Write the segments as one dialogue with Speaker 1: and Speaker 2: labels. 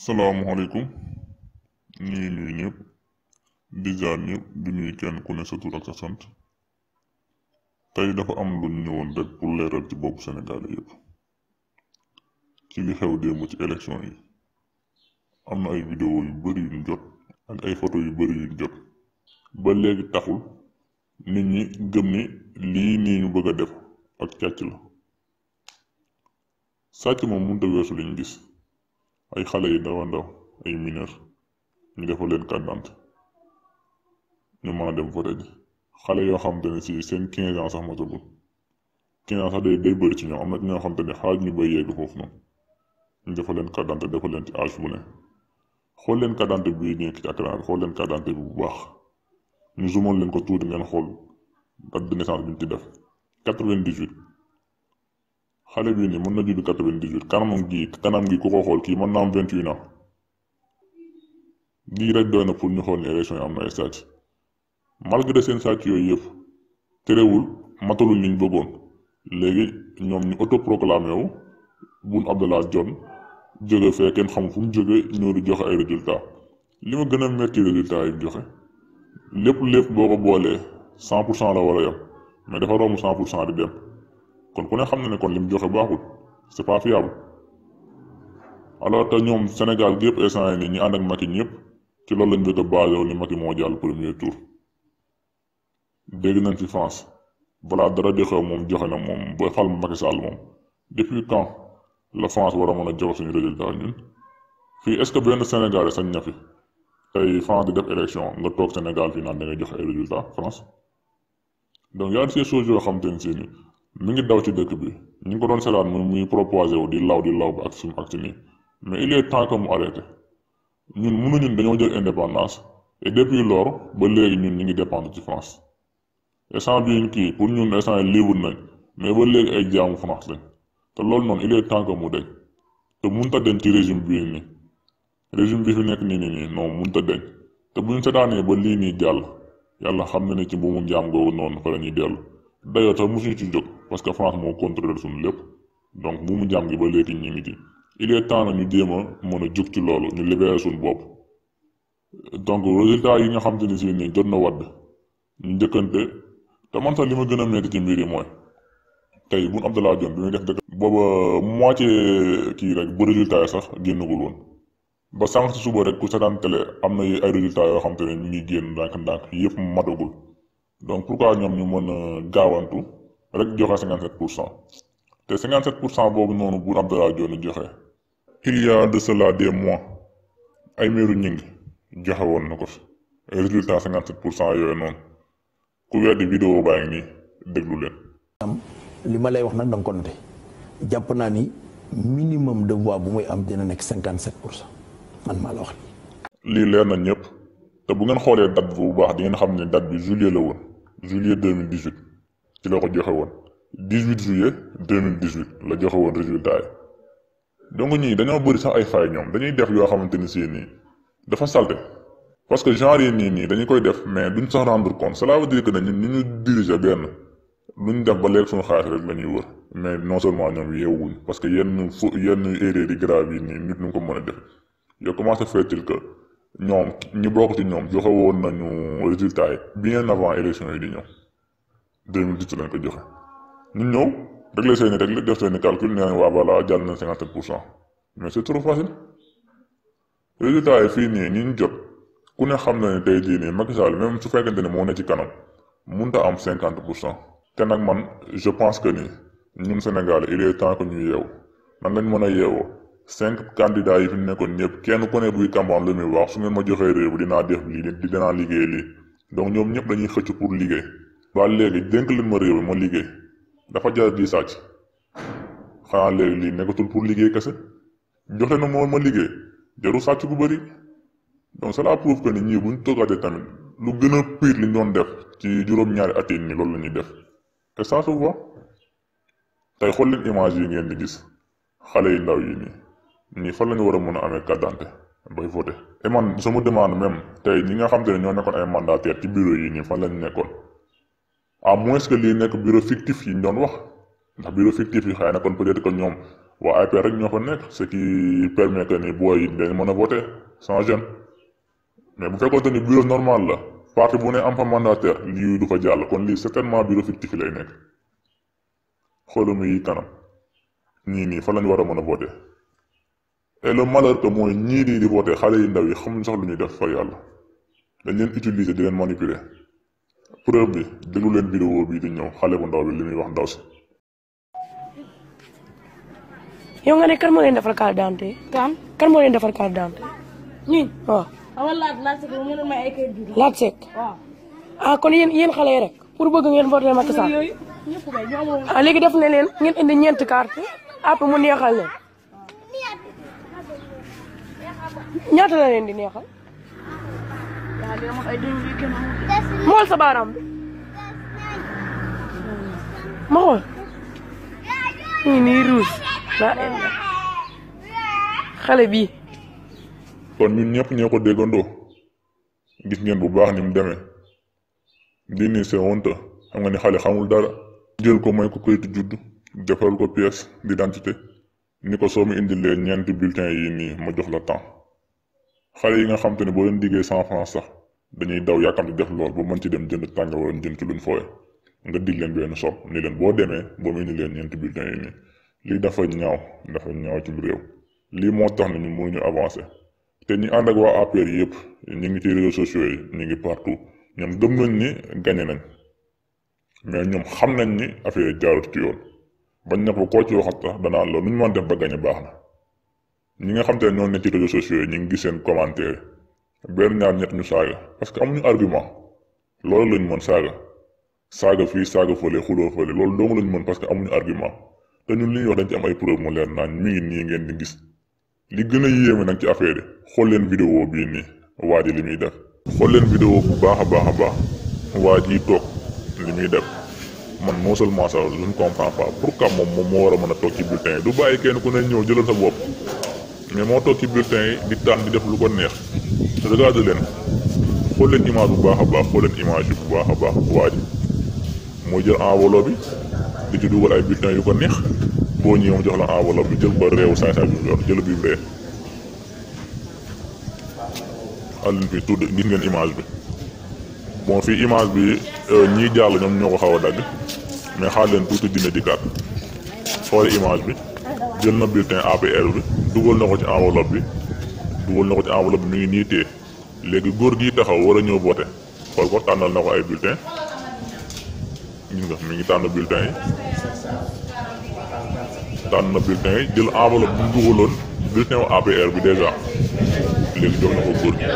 Speaker 1: salaamualeykum ñu ngi nuyu ñëpp di jaar ñëpp di nuyu kenn ku ne sa tur ak sa sant tey dafa am lu ñëwoon rek pour leeral ci boppu Sénégal yëpp ci li xew démb ci élection yi am na ay vidéo yu bari yu ñu jot ak ay photo yu bari yu ñu jot ba léegi taxul nit ñi gëm lii nii ñu bëgg a def ak càcc la sàcc moom mënut a weesu liñ gis. ay xale yi ndaw a ndaw ay mineur ñu defal leen carte d'identité ñu mën a dem voté ji xale yoo xam te ne si seen quinze ans sax matagul quinze ans sax day day bëri ci ñoom am na ñoo xam te ne xaaj ñu bay yegg foofu noonu ñu defal leen carte d'identité defal leen ci âge bu ne xool leen carte bi nekk ci xool leen carte d'identité bu baax ñu zoomoon leen ko tuuti ngeen xool date de naissance bi ñu ci def quatre vingt xale bii nii mën na judd quatre-vingt-dix-huit kanamam gi kanam gi ku ko xool kii ma na am vingt-huit ans lii rek doy na pour ñu xool ni élection yi am na ay sàcc malgré seen sàcc yooyu yëpp terewul mataluñ ñu bëggoon léegi ñoom ñu autoproclamé wu Boun Abdallah Dionne jóge fee kenn xamul fu mu jóge ñëw di joxe ay résultats li ma gën a metti résultats yi mu joxe lépp lépp boo ko boolee cent pour cent la war a yem mais dafa romb cent pour cent di dem. kon ku ne xam na ne kon lim joxe baaxul c'est pas fiable alors te ñoom Sénégal gi yëpp instant yi nii ñi ànd ak Macky ñëpp ci loolu lañ bëgg a baajoo ni Macky moo jàll premier tour dégg nañ fi France balaa dara di moom joxe na moom ba fal Macky Sall moom depuis quand la France war a mën a jox suñu résultat ñun fii est-ce que benn Sénégalais sañ na fi tey France di def élection nga toog Sénégal fii naan da ngay joxe ay résultat France donc y a des yoo xam te ne mi ngi daw ci dëkk bi ñu ngi ko doon seetaan mu muy proposé wu di law di law ba ak suñu acte nii mais il est temps mu arrêté ñun mënuñu dañoo jël indépendance et depuis lors ba léegi ñun ñu ngi dépendre ci France instant bii kii pour ñun instant yi libre nañ mais ba léegi ay jaamu France lañ te loolu noonu il est temps que mu deñ te mënut deñ ci régime bii nii régime bi fi nekk nii nii non mënut a deñ te bu ñu seetaanee ba lii nii jàll yàlla xam na ne ci mbuumu njaam googu noonu fa la ñuy dellu. dayoo sax mosuñu ci jóg parce que France moo contrôler suñu lépp donc bu mu jàmm gi ba léegi ñu ngi ci il est temps na ñu jéem a mën a jug ci loolu ñu libéré suñu bopp donc résultat yi nga xam te ni si nii jot na wadd ñu njëkkante te man sax li ma gën a metti ci mbir yi mooy tey bu Abdallah Dionne bi muy def dëkk booba moitié kii rek bu résultat yi sax génnagul woon ba sànq si suba rek ku seetaan télé am na ay résultats yoo xam te ne ñu ngi génn ndànk-ndànk yëpp matagul donc pourquoi ñoom ñu mën a gaawantu rek joxe 57 pour cent te 57 pour cent boobu noonu Boun Abdallah Dionne joxe. il y a de cela des mois ay meeru ñing joxe woon na ko fi résultat 57 pour cent yooyu noonu ku weddi vidéo baa ngi nii déglu leen. am li ma lay wax nag da nga ko jàpp naa ni minimum de voix bu muy am dina nekk 57 pour cent man maa la wax. lii leer na ñëpp te bu ngeen xoolee date bu baax di ngeen xam ne date bi juillet juillet 2018 ci la ko joxe woon 18 juillet 2018 la joxe woon résultat yi donc ñii dañoo bëri sax ay fay ñoom dañuy def yoo xamante ni seen nii dafa salte parce que genre yi nii nii dañu koy def mais duñ sax rendre compte cela veut dire que ne ñun ñu ñu diriger benn luñ def ba leeg suñu xaalis rek la ñuy wër mais non seulement ñoom yeewuñ parce que yenn fo yenn erreur yi grave yi nii nit ñu ko mën a def yow comment se fait ñoom ñu bokk ci ñoom joxe woon nañu résultat yi bien avant élection yi di ñëw 2010 lañ ko joxe ñu ñëw réglé seeni réglé jox seeni calcul nee nañ waa voilà jàll na cinquante pour cent mais c'est trop facile résultat yi fii nii ñi ñu jot ku ne xam na ne tey jii nii Macky Sall même su fekkente ne moo ne ci kanam mënut am cinquante pour cent te nag man je pense que nii ñun Sénégal il est temps que ñu yeewu nan lañ mën a yeewoo. cinq candidats yi fi nekkoon ñëpp kenn ku ne buy campagne lu muy wax su ngeen ma joxee réew bi dinaa def lii di dinaa liggéey lii donc ñoom ñëpp dañuy xëcc pour liggéey waa léegi dénk leen ma réew bi ma liggéey dafa jar di sàcc xanaa léegi lii nekkatul pour liggéey kese jox leen ma ma liggéey jaru sàcc bu bëri donc cela prouve que ni ñii buñ toggaatee tamit lu gën a pire li ñu doon def ci juróom-ñaari at yi nii loolu la ñuy def te ça se voit tey xool yi ngeen di gis xale yu ndaw yi nii fan la nga war a mën a amee carte d'identité bay voté et man sama demande même tey ñi nga xam te ne ñoo nekkoon ay mandataire ci bureau yi nii fan lañ nekkoon a moins que lii nekk bureau fictif yi ñu doon wax ndax bureau fictif yi xëy na kon peut-être que ñoom waa rek ñoo fa nekk ce qui permet que ni yi dañ mën a voté sans gêne mais bu fekkoon te ni bureau normal la parti bu ne am fa mandataire lii du fa jàll kon lii certainement bureau fictif yi lay nekk xooluma yi kanam ñii nii fan lañu war a mën a voté et le malheur que mooy ñii di xale yu ndaw yi xamuñ sax lu ñuy def fa yàlla dañ leen utiliser di leen manipuler preuve bi déglu leen vidéo bii di ñëw xale bu ndaw bi li muy wax ndaw si. yow nga ne kan moo leen defar carte d'identité. kan kan moo defar carte d'identité. ñun waaw. ah kon yéen yéen xale yi rek pour bëgg ngeen voté Macky Sall. ah léegi def ne leen ngeen indi ñeenti carte après mu neexal leen. ñaata la leen di neexal. mool sa baaraam bi. ma xool. ñu nii ruus. xale bii. kon ñun ñëpp ñoo ko déggandoo. gis ngeen bu baax ni mu demee. dinañ see xam nga ni xale xamul dara. jël ko may ko kayitu juddu. defal ko pièce d'identité. ni ko soo mu indilee ñeenti bulletin yi nii ma jox la temps. xale yi nga xam ne boo leen diggee cent franc sax dañuy daw yàkkamte def lool ba mën ci dem jënd tàng wala jënd ci luñ fooye nga dig leen benn sob ni leen boo demee ba mu indi leen ñeenti bulletin yi nii lii dafa ñaaw dafa ñaw ci réew lii moo tax ne ñu mënuñu avancé te ñi ànd ak waa APR yëpp ñu ngi ci réseaux sociaux yi ñu ngi partout ñoom gëm nañ ni gañe nañ mais ñoom xam nañ ni affaire jaarut ci yoon bañ ne ko koo ci waxat sax danaa loolu nu ñu mën def ñi nga xam te ne noonu ne ci réseaux sociaux yi ñu ngi gis seen commentaire benn ñaar ñett ñu saaga parce que amuñu argument loolu lañ mën saaga saaga fii saaga fële xuloo fële loolu dong lañ mën parce que amuñu argument te ñun li ñuy wax dañ ci am ay preuve mu leer naañ mi ngi nii ngeen di gis li gën a yéeme nag ci affaire yi xool leen vidéo bii nii waa ji li muy def xool leen vidéo bu baax a baax a baax waa ji toog li muy def man non seulement ça je ne comprends pas moo war a mën a toog bàyyi kenn ku ne ñëw jëlal sa bopp mais moo toog ci bulletin yi di tax di def lu ko neex te regarde leen xool leen image bu baax a baax xool leen image bu baax a baax waa ji mooy jël enveloppe bi di ci dugal ay bulletins yu ko neex boo ñëwee mu jox la enveloppe bi jël ba réew saay saay bi mu yor jël bi ree àllin fi tudd bi bon fii image euh, ñoo ko xaw a dagg mais xaar leen tuuti dina dikkaat xool image bi jël na bulletin APR bi dugal na ko ci enveloppe bi dugal na ko bi mi ngi nii téye léegi góor gi taxaw war a ñëw voté xool ko tànnal na ko ay bulletin gis nga mi ngi tànn bulletin yi tànn na bulletin yi jël enveloppe bu mu dugaloon bulletin wu APR bi dèjà léegi jox na ko góor gi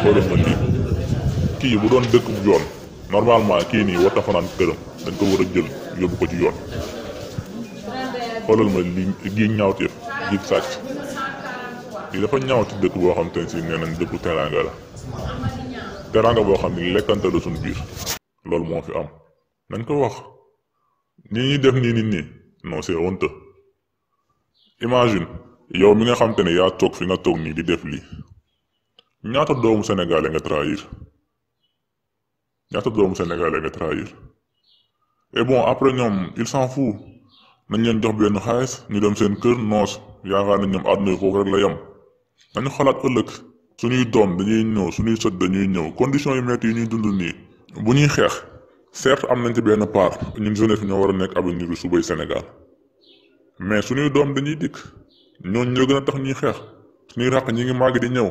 Speaker 1: xoolal ma nii kii bu doon dëkk bu yoon normalement kii nii war ta fanaan këram dañ ko war a jël yóbbu ko ci yoon xoolal ma li gi ñaawteef jiit sàcc li dafa ñaaw ci dëkk boo xam te ne si nee nañ dëkku teraanga la teraanga boo xam ne lekkante la suñu biir loolu moo fi am nañ ko wax ñi ñuy def nii nit nii non c'est honteux imagine yow mi nga xam te ne yaa toog fi nga toog nii di def lii ñaata doomu sénégalais nga trahir ñaata doomu sénégalais nga trahir et bon après ñoom il s'en fout nañ leen jox benn xaalis ñu dem seen kër noos yaakaar nañ ñoom àdduna kooku rek la yem nañu xalaat ëllëg suñuy doom dañuy ñëw su suñuy sët dañuy ñëw conditions yu métti yi ñuy dund nii bu ñuy xeex certes am nañ ci benn part ñun jeunesse ñoo war a nekk avenir bi subay Sénégal mais suñuy doom dañuy dikk ñooñu ñoo gën a tax ñuy xeex suñuy ràq ñi ngi màgg di ñëw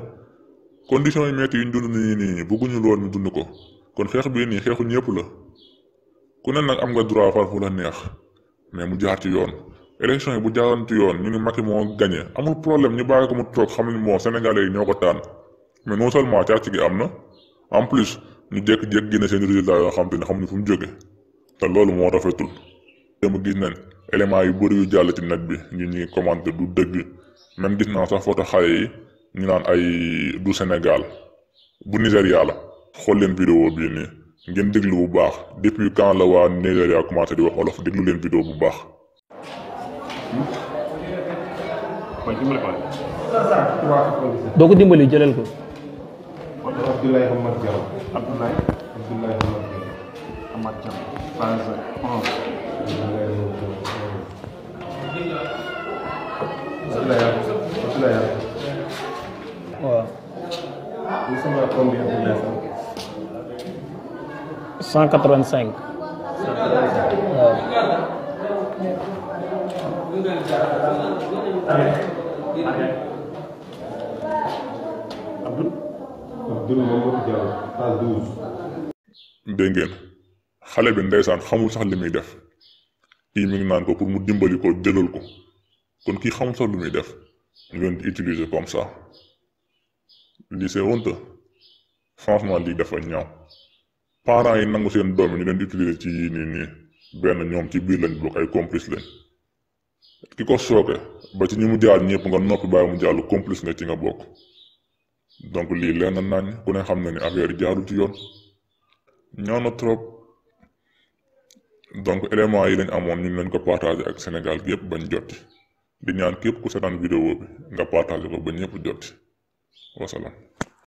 Speaker 1: conditions yu métti yi ñu dund nii nii bëgguñu lool ñu dund ko kon xeex bii nii xeexu ñëpp la ku ne nag am nga droit far fu la neex mais mu jaar ci yoon élection yi bu jaaroon ci yoon ñu ni Macky moo gagné amul problème ñu bàyyi ko mu toog xam ni moo Sénégalais yi ñoo ko tànn mais non seulement càcc gi am na en plus ñu jékki-jékki génne seen résultat yoo xam te ne xamuñu fu mu jóge te loolu moo rafetul. mu gis nañ élément yu bëri yu jàll ci net bi ñu ñuy commenté du dëgg même gis naa sax photo xale yi ñu naan ay du Sénégal bu Nigéria la xool leen vidéo bii nii. ngeen déglu bu baax depuis quand la waa Nigéria commencé di wax wolof déglu leen vidéo bu baax. doo ko dimbali jëlal ko. cent quatre vingt cinq waaw dégg ngeen xale bi ndeysaan xamul sax li def kii mi ngi naan ko pour mu dimbali ko jëlal ko kon kii xamul sax lu muy def ngeen di comme ça lii c'est franchement lii dafa ñaaw parents yi nangu seen doom yi ñu leen di utiliser ci yii nii nii benn ñoom ci biir lañ bokk ay complice lañ ki ko sooke ba ci ñi mu jaal ñépp nga noppi bàyyi mu jàllu complice nga ci nga bokk donc lii lenn nañ ku ne xam na ni affaire jaarul ci yoon ñoo na trop donc éléments yi lañ amoon ñu lañ ko partagé ak Sénégal gi yëpp bañ jotti di ñaan képp ku seetaan vidéo bi nga partagé ko ba ñëpp jotti wasalaam